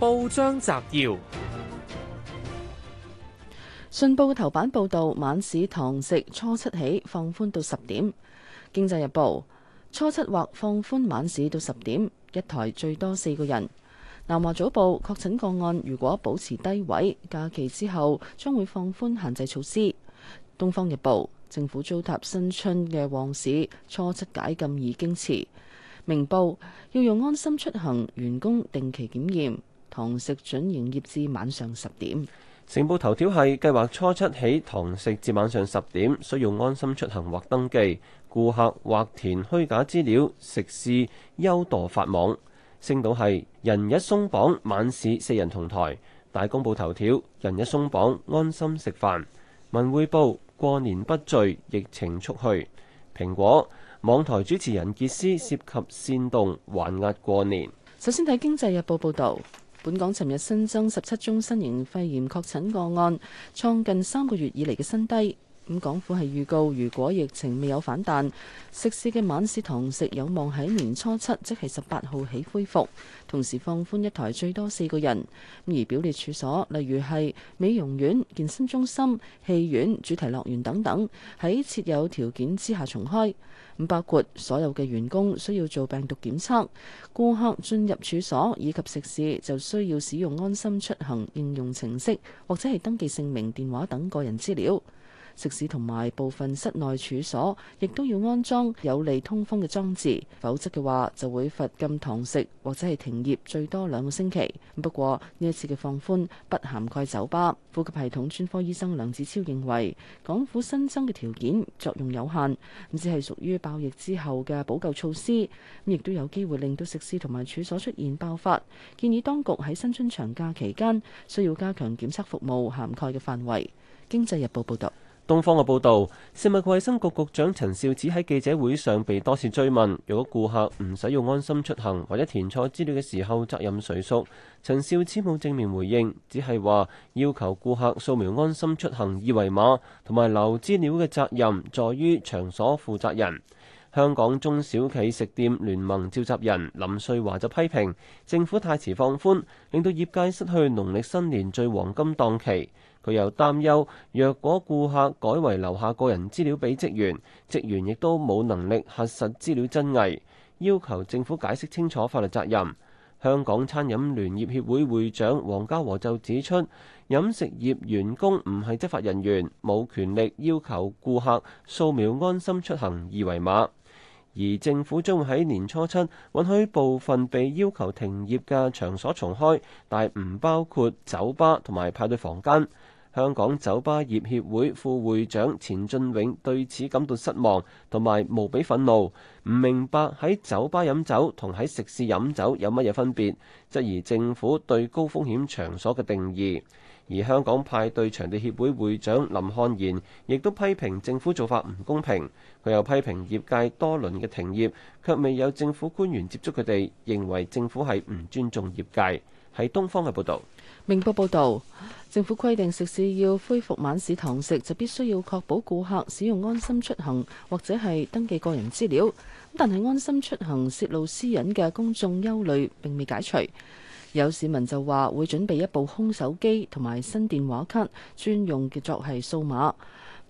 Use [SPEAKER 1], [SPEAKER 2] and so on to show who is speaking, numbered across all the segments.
[SPEAKER 1] 報章摘要：信報頭版報道，晚市堂食初七起放寬到十點。經濟日報初七或放寬晚市到十點，一枱最多四個人。南華早報確診個案如果保持低位，假期之後將會放寬限制措施。東方日報政府糟蹋新春嘅旺市，初七解禁已經遲。明報要用安心出行，員工定期檢驗。堂食准營業至晚上十點。
[SPEAKER 2] 成報頭條係計劃初七起堂食至晚上十點，需要安心出行或登記。顧客或填虛假資料，食肆憂墮法網。星島係人一鬆綁，晚市四人同台。大公報頭條：人一鬆綁，安心食飯。文匯報過年不聚，疫情速去。蘋果網台主持人傑斯涉及煽動，還押過年。
[SPEAKER 1] 首先睇《經濟日報》報道。本港尋日新增十七宗新型肺炎確診個案，創近三個月以嚟嘅新低。咁港府係預告，如果疫情未有反彈，食肆嘅晚市堂食有望喺年初七，即係十八號起恢復，同時放寬一枱最多四個人。而表列處所，例如係美容院、健身中心、戲院、主題樂園等等，喺設有條件之下重開。包括所有嘅員工需要做病毒檢測，顧客進入處所以及食肆就需要使用安心出行應用程式，或者係登記姓名、電話等個人資料。食肆同埋部分室內處所，亦都要安裝有利通風嘅裝置，否則嘅話就會罰禁堂食或者係停業最多兩個星期。不過呢一次嘅放寬不涵蓋酒吧。呼吸系統專科醫生梁子超認為，港府新增嘅條件作用有限，唔只係屬於爆疫之後嘅補救措施，亦都有機會令到食肆同埋處所出現爆發。建議當局喺新春長假期間需要加強檢測服務涵蓋嘅範圍。經濟日報報導。
[SPEAKER 2] 東方嘅報道，食物衛生局局長陳肇始喺記者會上被多次追問，如果顧客唔使用，用安心出行或者填錯資料嘅時候，責任誰屬？陳肇始冇正面回應，只係話要求顧客掃描安心出行二維碼，同埋留資料嘅責任在於場所負責人。香港中小企食店聯盟召集人林瑞華就批評政府太遲放寬，令到業界失去農曆新年最黃金檔期。佢又擔憂，若果顧客改為留下個人資料俾職員，職員亦都冇能力核實資料真偽，要求政府解釋清楚法律責任。香港餐飲聯業協會會長黃家和就指出，飲食業員工唔係執法人員，冇權力要求顧客掃描安心出行二維碼，而政府將會喺年初七允許部分被要求停業嘅場所重開，但唔包括酒吧同埋派對房間。香港酒吧業協會副會長錢俊永對此感到失望同埋無比憤怒，唔明白喺酒吧飲酒同喺食肆飲酒有乜嘢分別，質疑政府對高風險場所嘅定義。而香港派對場地協會會長林漢賢亦都批評政府做法唔公平，佢又批評業界多輪嘅停業，卻未有政府官員接觸佢哋，認為政府係唔尊重業界。喺東方嘅報
[SPEAKER 1] 道。明報報道，政府規定食肆要恢復晚市堂食，就必須要確保顧客使用安心出行或者係登記個人資料。但係安心出行泄露私隱嘅公眾憂慮並未解除。有市民就話會準備一部空手機同埋新電話卡專，專用嘅作係掃碼。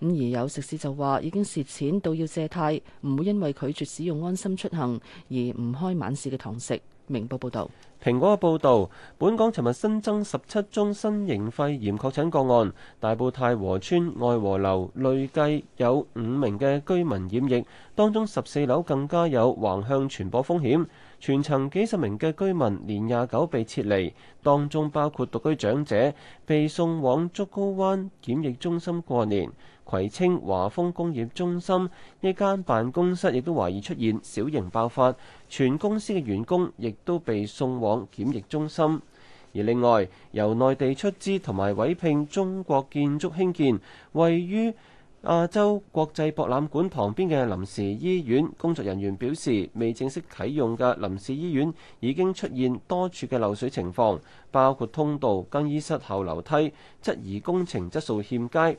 [SPEAKER 1] 咁而有食肆就話已經蝕錢到要借貸，唔會因為拒絕使用安心出行而唔開晚市嘅堂食。明報報導，
[SPEAKER 2] 蘋果報道，本港尋日新增十七宗新型肺炎確診個案，大埔太和村愛和樓累計有五名嘅居民染疫，當中十四樓更加有橫向傳播風險。全層幾十名嘅居民，年廿九被撤離，當中包括獨居長者，被送往竹篙灣檢疫中心過年。葵青華豐工業中心一間辦公室亦都懷疑出現小型爆發，全公司嘅員工亦都被送往檢疫中心。而另外由內地出資同埋委聘中國建築興建，位於亞洲國際博覽館旁邊嘅臨時醫院工作人員表示，未正式啟用嘅臨時醫院已經出現多處嘅漏水情況，包括通道、更衣室、後樓梯，質疑工程質素欠佳。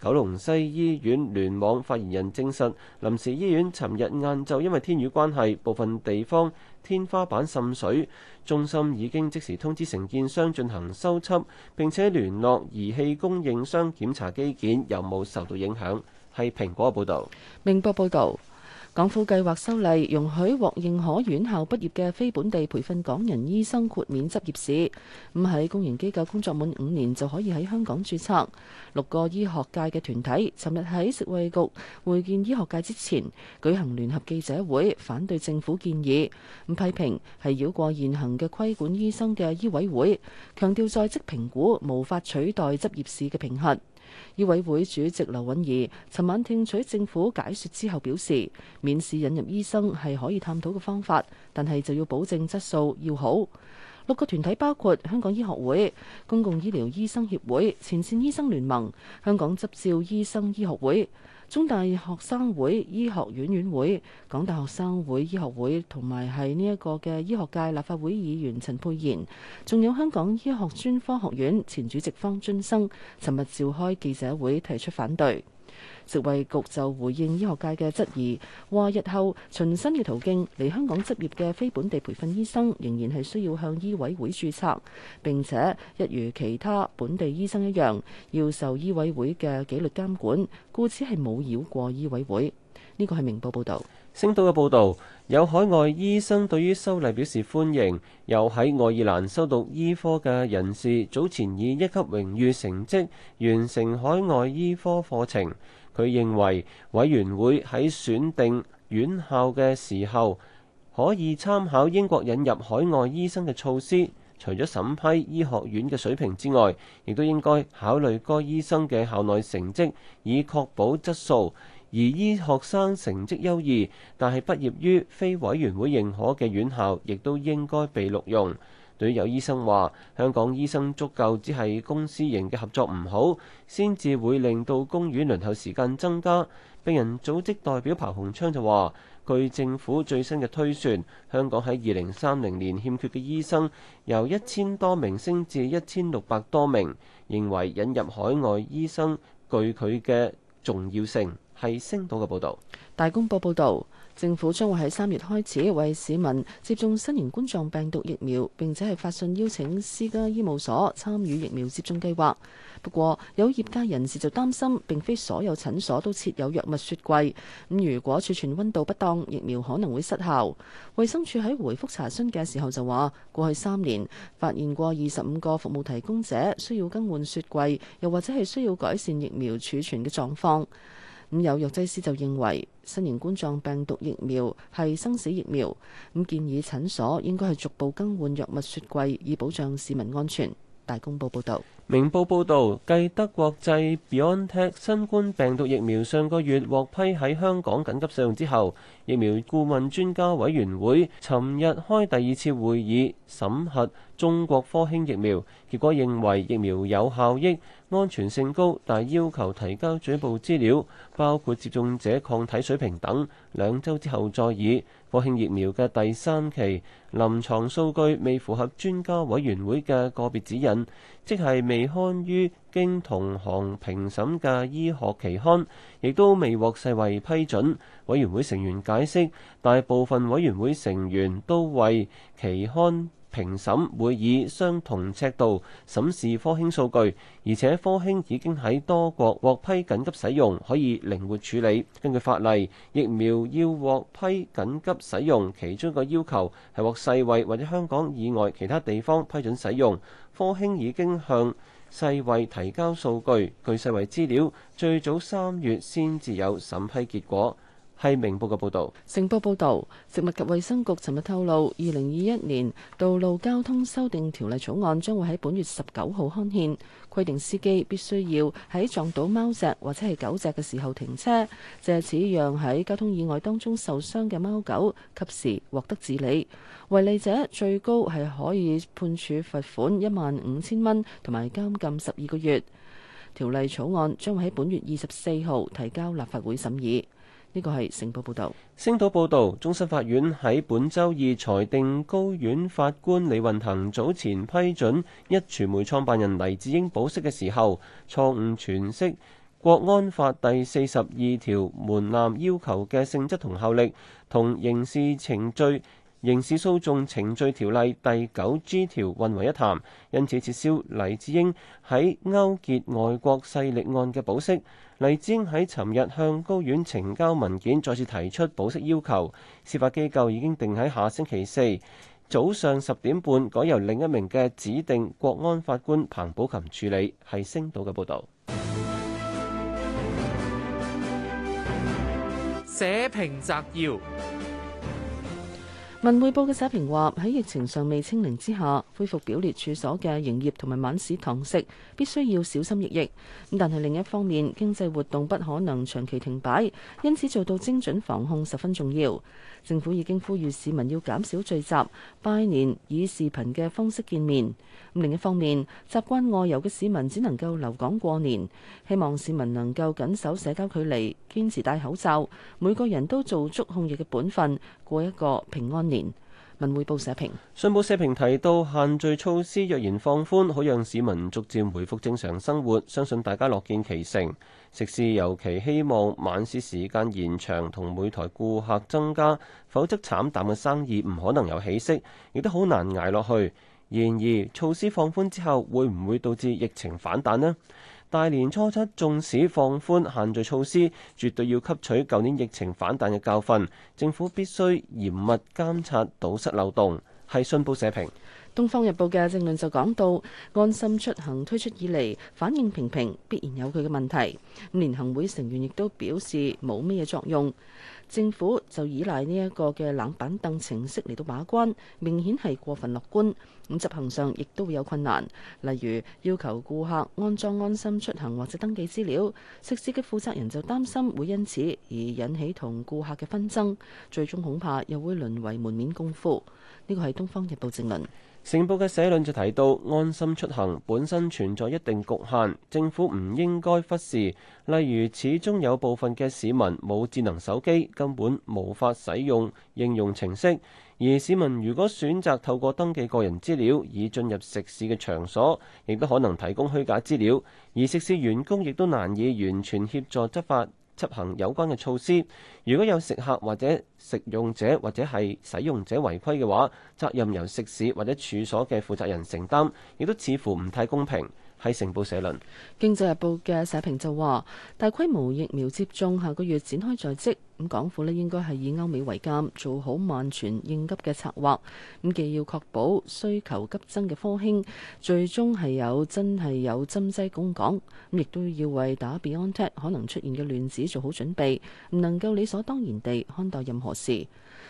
[SPEAKER 2] 九龍西醫院聯網發言人證實，臨時醫院尋日晏晝因為天雨關係，部分地方天花板滲水，中心已經即時通知承建商進行修葺，並且聯絡儀器供應商檢查機件有冇受到影響。係蘋果報道，
[SPEAKER 1] 明報報道。港府計劃修例，容許獲認可院校畢業嘅非本地培訓港人醫生豁免執業試，咁喺公營機構工作滿五年就可以喺香港註冊。六個醫學界嘅團體尋日喺食衛局會見醫學界之前，舉行聯合記者會反對政府建議，咁批評係繞過現行嘅規管醫生嘅醫委會，強調在職評估無法取代執業試嘅評核。醫委會主席劉允儀尋晚聽取政府解說之後表示，免試引入醫生係可以探討嘅方法，但係就要保證質素要好。六個團體包括香港醫學會、公共醫療醫生協會、前線醫生聯盟、香港執照醫生醫學會。中大學生會醫學院院會、港大學生會醫學會同埋係呢一個嘅醫學界立法會議員陳佩賢，仲有香港醫學專科學院前主席方津生，尋日召開記者會提出反對。食衛局就回應醫學界嘅質疑，話日後循新嘅途徑嚟香港執業嘅非本地培訓醫生，仍然係需要向醫委會註冊，並且一如其他本地醫生一樣，要受醫委會嘅紀律監管，故此係冇繞過醫委會。呢個係明報報道，
[SPEAKER 2] 星島嘅報道有海外醫生對於修例表示歡迎，又喺愛爾蘭修讀醫科嘅人士，早前以一級榮譽成績完成海外醫科課程。佢認為委員會喺選定院校嘅時候，可以參考英國引入海外醫生嘅措施，除咗審批醫學院嘅水平之外，亦都應該考慮該醫生嘅校內成績，以確保質素。而醫學生成績優異，但係畢業於非委員會認可嘅院校，亦都應該被錄用。隊友醫生話，香港醫生足夠，只係公私營嘅合作唔好，先至會令到公院輪候時間增加。病人組織代表彭洪昌就話，據政府最新嘅推算，香港喺二零三零年欠缺嘅醫生由一千多名升至一千六百多名，認為引入海外醫生具佢嘅重要性。係星島嘅報道，
[SPEAKER 1] 大公報報導，政府將會喺三月開始為市民接種新型冠狀病毒疫苗，並且係發信邀請私家醫務所參與疫苗接種計劃。不過，有業界人士就擔心，並非所有診所都設有藥物雪櫃。咁如果儲存温度不當，疫苗可能會失效。衞生署喺回覆查詢嘅時候就話，過去三年發現過二十五個服務提供者需要更換雪櫃，又或者係需要改善疫苗儲存嘅狀況。咁有藥劑師就認為新型冠狀病毒疫苗係生死疫苗，咁建議診所應該係逐步更換藥物雪櫃，以保障市民安全。大公報報道：
[SPEAKER 2] 「明報報道，繼德國製 BioNTech 新冠病毒疫苗上個月獲批喺香港緊急使用之後，疫苗顧問專家委員會尋日開第二次會議審核中國科興疫苗，結果認為疫苗有效益。安全性高，但要求提交初步資料，包括接種者抗體水平等。兩周之後再以科興疫苗嘅第三期臨床數據未符合專家委員會嘅個別指引，即係未刊於經同行評審嘅醫學期刊，亦都未獲世衛批准。委員會成員解釋，大部分委員會成員都為期刊。評審會以相同尺度審視科興數據，而且科興已經喺多國獲批緊急使用，可以靈活處理。根據法例，疫苗要獲批緊急使用，其中一個要求係獲世衛或者香港以外其他地方批准使用。科興已經向世衛提交數據，據世衛資料，最早三月先至有審批結果。係明報嘅報導，
[SPEAKER 1] 成報報導，食物及衛生局尋日透露，二零二一年道路交通修訂條例草案將會喺本月十九號刊憲，規定司機必須要喺撞到貓隻或者係狗隻嘅時候停車，藉此讓喺交通意外當中受傷嘅貓狗及時獲得治理。違例者最高係可以判處罰款一萬五千蚊同埋監禁十二個月。條例草案將會喺本月二十四號提交立法會審議。呢個係成報報導，星島報導，終審法院喺
[SPEAKER 2] 本周二裁定高院法官李運騰早前批准一傳媒創辦人黎智英保釋嘅時候，錯誤詮釋《國安法》第四十二條門檻要求嘅性質同效力同刑事程序刑事訴訟程序條例第九 G 條混為一談，因此撤銷黎智英喺勾結外國勢力案嘅保釋。黎智英喺尋日向高院呈交文件，再次提出保釋要求。司法機構已經定喺下星期四早上十點半，改由另一名嘅指定國安法官彭寶琴處理。係星島嘅報導。社評摘要。
[SPEAKER 1] 文匯報嘅社評話：喺疫情尚未清零之下，恢復表列處所嘅營業同埋晚市堂食，必須要小心翼翼。咁但係另一方面，經濟活動不可能長期停擺，因此做到精準防控十分重要。政府已經呼籲市民要減少聚集拜年，以視頻嘅方式見面。另一方面，習慣外遊嘅市民只能夠留港過年。希望市民能夠謹守社交距離，堅持戴口罩，每個人都做足控疫嘅本分，過一個平安年。文匯報社評，
[SPEAKER 2] 信報社評提到限聚措施，若然放寬，好讓市民逐漸回復正常生活，相信大家樂見其成。食肆尤其希望晚市時間延長同每台顧客增加，否則慘淡嘅生意唔可能有起色，亦都好難捱落去。然而，措施放寬之後，會唔會導致疫情反彈呢？大年初七，縱使放寬限聚措施，絕對要吸取舊年疫情反彈嘅教訓，政府必須嚴密監察堵塞漏洞。係信報社評。
[SPEAKER 1] 東方日報嘅政論就講到，安心出行推出以嚟反應平平，必然有佢嘅問題，咁連行會成員亦都表示冇咩嘢作用。政府就依賴呢一個嘅冷板凳程式嚟到把關，明顯係過分樂觀。咁執行上亦都會有困難，例如要求顧客安裝安心出行或者登記資料，食肆嘅負責人就擔心會因此而引起同顧客嘅紛爭，最終恐怕又會淪為門面功夫。呢個係《東方日報》評論。《成報》嘅社
[SPEAKER 2] 論就提到，
[SPEAKER 1] 安心出
[SPEAKER 2] 行本身存在一定局限，政府唔應該忽視，例如始終有部分嘅市民冇智能手機，根本無法使用應用程式。而市民如果選擇透過登記個人資料以進入食肆嘅場所，亦都可能提供虛假資料；而食肆員工亦都難以完全協助執法執行有關嘅措施。如果有食客或者食用者或者係使用者違規嘅話，責任由食肆或者處所嘅負責人承擔，亦都似乎唔太公平。喺《成報》社論，
[SPEAKER 1] 《經濟日報》嘅社評就話：大規模疫苗接種下個月展開在即。咁港府咧應該係以歐美為鑑，做好萬全應急嘅策劃。咁既要確保需求急增嘅科興最終係有真係有針劑供港，咁亦都要為打 BioNTech 可能出現嘅亂子做好準備，唔能夠理所當然地看待任何事。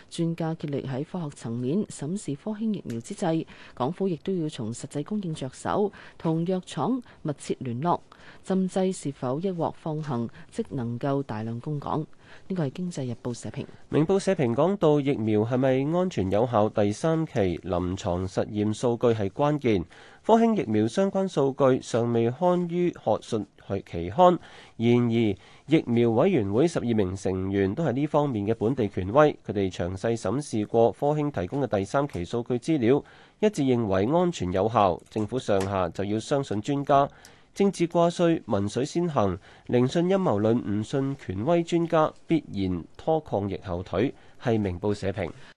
[SPEAKER 1] 專家竭力喺科學層面審視科興疫苗之際，港府亦都要從實際供應着手，同藥廠密切聯絡，針劑是否一獲放行，即能夠大量供港。呢個係《經濟日報》社評，
[SPEAKER 2] 《明報》社評講到疫苗係咪安全有效，第三期臨床實驗數據係關鍵。科興疫苗相關數據尚未刊於學術期刊，然而疫苗委員會十二名成員都係呢方面嘅本地權威，佢哋詳細審視過科興提供嘅第三期數據資料，一致認為安全有效。政府上下就要相信專家。政治掛帥，民水先行；寧信陰謀論，唔信權威專家，必然拖抗疫後腿，係明報社評。